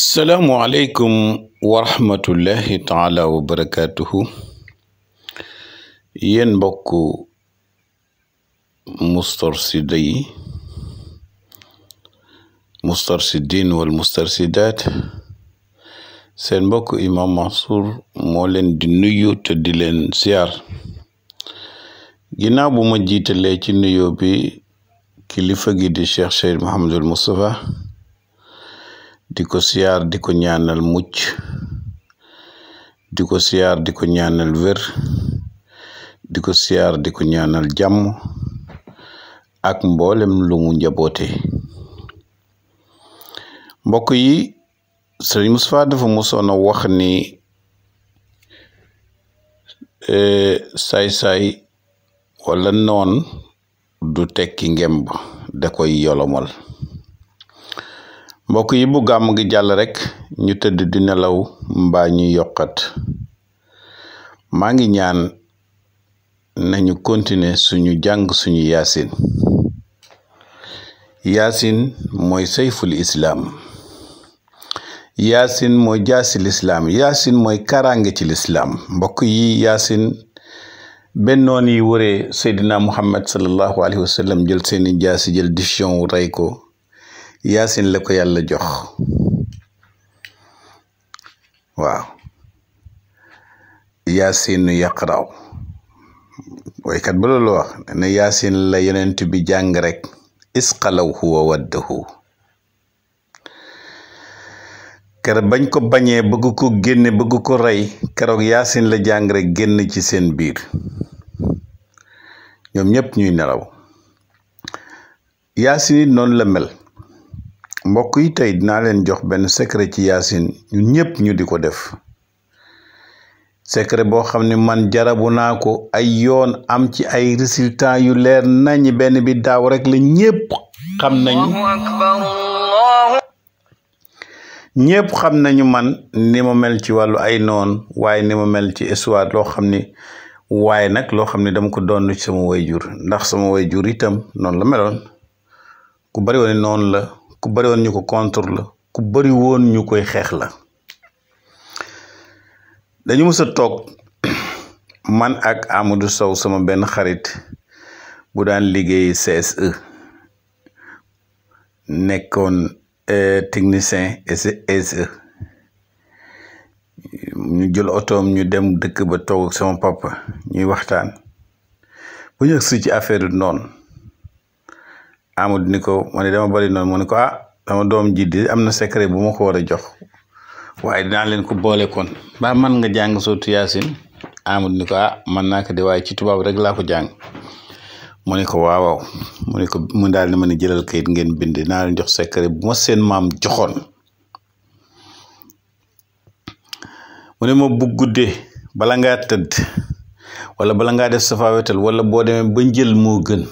السلام عليكم ورحمة الله تعالى وبركاته ينبكو مسترسدي مسترسدين والمسترسدات سينبكو إمام منصور مولن دنيو تدلن سيار جناب مجيت اللي تنيو بي كليفة جدي الشيخ شير محمد المصطفى di ko siyaar di ko ñaanal mucc di ko siyaar di ko ñaanal wér di ko siyaar di ko ñaanal jàmm ak mboolem lu mu njaboote mbokk yi sëriñ Moustapha dafa a wax ni e, saay-saay wala noon du tekki ngemb da koy yolomal mbokk yi bu gàmm gi jàll rekk ñu tëdd di nelaw mbaa ñuy yokkat maa ngi ñaan nañu continuer suñu jàng suñu yaasin yaasin mooy sayful islaam yaasin mooy jaasi lislaam yaasin mooy karange ci lislaam mbokk yi yaasin bennoon yi wëree seydina muhammad sallallahu alayhi wa sallam jël seeni jaasi jël difion wu rey ko yaasin la ko yàlla jox waaw yaasinu yaqraw waykat ba loolu wax ne yaasin la yonent bi jàng rek isqalawhu wa waddahu ker bañ ko bañee bëgg ko génne bëgg ko rey keroog yaasin la jàng rek génn ci seen biir ñoom ñëpp ñuy nelaw yaasin it noonu la mel mbokk yi tey dinaa leen jox benn secret ci yaasin ñun ñépp ñu di ko def secret boo xam ne man jarabu naa ko ay yoon am ci ay résultat yu leer nañ benn bi daaw rek la ñépp xam nañu ñépp xam nañu man ni ma mel ci wàllu ay noon waaye ni ma mel ci histoire loo xam ni waaye nag loo xam ne dama ko doon ci sama wayjur ndax sama jur itam noonu la meloon ku bari woon noonu la ku bëri ñu ko contre la ku bëri ñu koy xeex la dañu mës a toog man ak Amadou Sow sama benn xarit bu daan liggéey CSE nekkoon eh, technicien SE ñu jël otoom ñu dem dëkk ba toog ak sama papa ñuy waxtaan bu ñu agsi ci affaire noonu Amadou ni ko ma dama bari noonu mu ne ko ah dama doom ji di am na secret bu ma ko war jox waaye dinaa leen ko boole kon ba man nga jàng sootu Yaasin Amadou ni ko ah, man naa ko de waaye ci tubaab rek laa ko jàng mu ne ko waaw waaw ne ko mu daal ne ma ne jëlal kayit ngeen bind naa leen jox secret bu ma seen maam joxoon mu ne ma bu guddee bala ngaa tëdd wala bala ngaa def safaawetal wala boo demee ba jël moo gën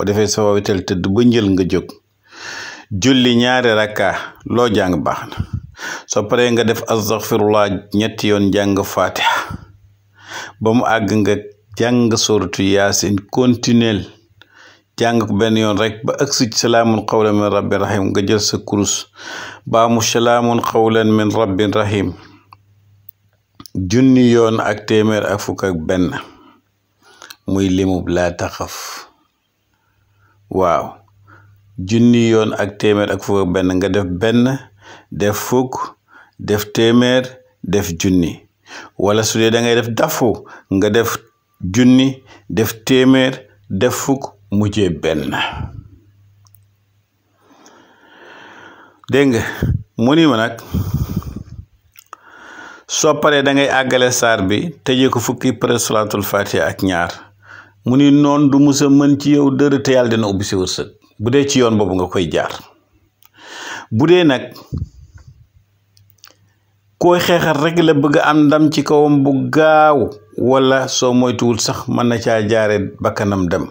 o defee sa tëdd ba njël nga jóg julli ñaari rakka loo jàng baax na soo nga def astaghfirullah ñetti yoon jàng fatiha ba mu àgg nga jàng suratu yaasin continuel jàng benn yoon rek ba agsi ci salaamun qawlan min rabbin rahim nga jël sa kurus baa mu salaamun qawlan min rabbin rahim junni yoon ak téeméer ak fukk ak benn muy limu laa taxaf waaw junni yoon ak téeméer ak fukk benn nga def benn def fukk def téeméer def junni wala sudee dee da ngay def dafu nga def junni def téeméer def fukk mujjee benn dégg nga mu ma nag soo paree da àggale saar bi tëjee ko fukki pare salaatul fatiha ak ñaar mu ni noon du musa mën ci yow dërë te yàlla dina ubbi si wërsëg bu dee ci yoon boobu nga koy jaar bu dee nag koy xeexal rekk la bëgg am ndam ci kawam bu gaaw wala soo moytuwul sax mën na caa jaare bakkanam dem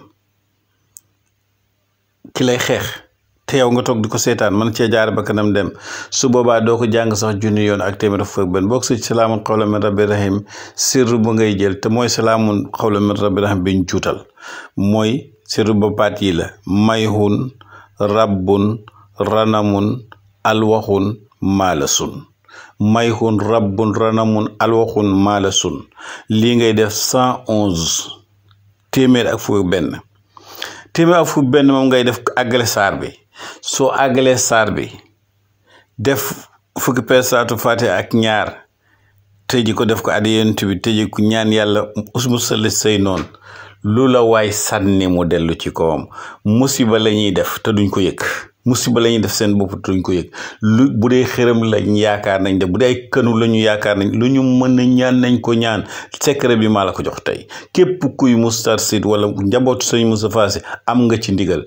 ki lay xeex te yow nga toog di ko seetaan mën cee jaar ba kanam dem su boobaa doo ko jàng sax junni yoon ak téeméer fukk ak benn bokk si salaamun bu ngay jël te mooy salaamun qawlan min rabbi rahim bi ñu juutal mooy sirru ba baat la mayhun rabbun ranamun alwaxun maalasun mayhun rabbun ranamun alwaxun maalasun lii ngay def cent onze téeméer ak benn téeméer ak fukk benn moom ngay def àggale bi soo àggalee saar bi def fukki peesaatu faate ak ñaar tëji ko def ko addi yonent bi ko ñaan yàlla musal say noon lu la waay sànni mu dellu ci kawam musiba la ñuy def te duñ ko yëg musiba la ñuy def seen bopp duñ ko yëg lu bu dee xërëm lañ yaakaar nañ de bu dee ay kënu lañu ñu yaakaar nañ lu ñu mën a ñaan nañ ko ñaan secret bi maa la ko jox tey képp kuy Moustarchidine wala njaboot sëñ Moustapha Sy am nga ci ndigal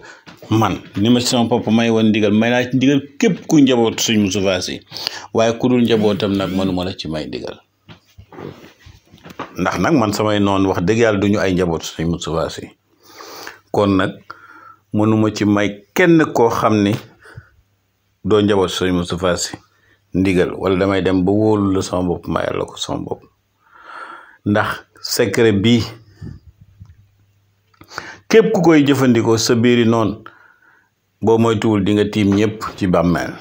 man ni ma ci sama papa may woon ndigal may naa ci ndigal képp kuy njaboot sëñ Moustapha Sy waaye ku dul njabootam nag mënuma la ci may ndigal ndax nag man samay noon wax dëgg yàlla du ay njaboot sëñ Moustapha Sy kon nag mënuma ci may kenn koo xam ni doo njaboot sëñ Moustapha Sy ndigal wala damay dem ba wóolu la sama bopp mayal la ko sama bopp ndax secret bii képp ku koy jëfandikoo sa biiri noonu boo moytuwul di nga tiim ñëpp ci bàmmeel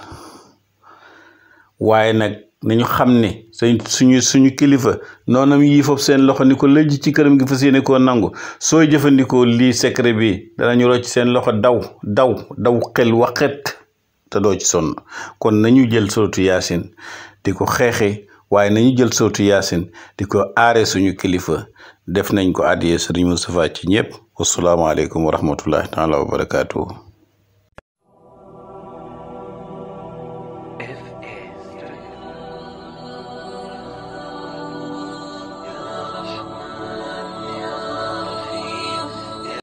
waaye nag nañu xam ni sañ suñu suñu kilifa noonam yii foofu seen loxo ni ko lëj ci këram gi fas yéene koo nangu sooy jëfandikoo lii secret bi danañu rocc seen loxo daw daw daw xel waxet te doo son sonn kon nañu jël sootu yaasin di ko xeexi waaye nañu jël sootu yaasin di ko aare suñu kilifa def nañ ko àddiyee sëriñ Moustapha ci ñëpp wasalaamaaleykum wa rahmatullahi taala wa barakaatu.